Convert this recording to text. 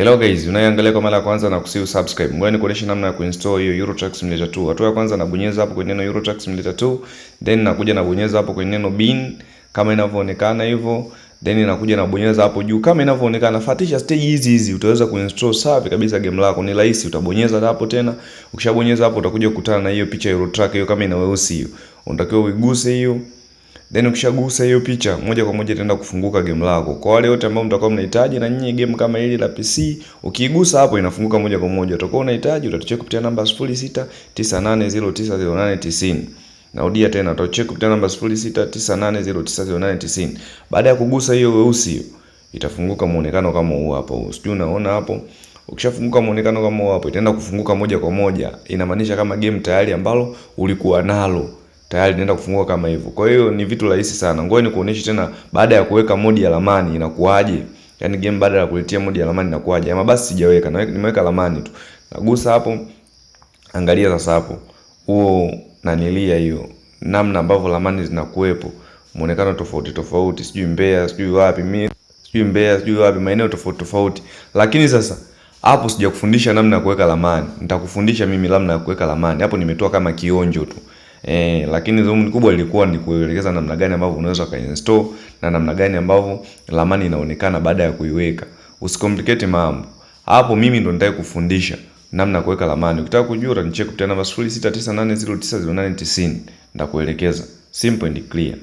Hello guys, unaangalia kwa mara ya kwanza na kusiu subscribe. Ngoja nikuonyeshe namna ya kuinstall hiyo Eurotrack Simulator 2. Hatua ya kwanza nabonyeza hapo kwenye neno Eurotrack Simulator 2, then nakuja nabonyeza hapo kwenye neno bin kama inavyoonekana hivyo, then nakuja nabonyeza hapo juu kama inavyoonekana. Fatisha stage hizi hizi utaweza kuinstall safi kabisa game lako. Ni rahisi, utabonyeza hapo tena. Ukishabonyeza hapo utakuja kukutana na hiyo picha ya Eurotrack hiyo kama ina weusi hiyo. Unatakiwa uiguse hiyo Then ukishagusa hiyo picha moja kwa moja itaenda kufunguka game lako. Kwa wale wote ambao mtakuwa mnahitaji na nyinyi game kama hili la PC, ukiigusa hapo inafunguka moja kwa moja. Utakuwa unahitaji utatucheki kupitia namba 0698090890. Narudia tena utatucheki kupitia namba 0698090890. Baada ya kugusa hiyo weusi itafunguka muonekano kama huu hapo. Sijui unaona hapo. Ukishafunguka muonekano kama huu hapo itaenda kufunguka moja kwa moja. Inamaanisha kama game tayari ambalo ulikuwa nalo tayari inaenda kufungua kama hivyo. Kwa hiyo ni vitu rahisi sana. Ngoja nikuoneshe tena baada ya kuweka modi ya ramani inakuaje. Yaani game baada ya kuletea modi ya ramani inakuaje. Ama basi sijaweka, nimeweka ramani tu. Nagusa hapo. Angalia sasa hapo. Huo nanilia hiyo. Namna ambavyo ramani zinakuwepo. Muonekano tofauti tofauti, sijui Mbeya, sijui wapi mimi, sijui Mbeya, sijui wapi maeneo tofauti tofauti. Lakini sasa hapo sijakufundisha namna ya kuweka ramani. Nitakufundisha mimi namna ya kuweka ramani. Hapo nimetoa kama kionjo tu. E, lakini dhumuni kubwa lilikuwa ni kuelekeza namna gani ambavyo unaweza ukainstall na namna gani ambavyo ramani inaonekana baada ya kuiweka. Usicomplicate mambo. Hapo mimi ndo nitaki kufundisha namna ya kuweka ramani. Ukitaka kujua nicheki kupitia namba 0698090890 nitakuelekeza. Simple and clear.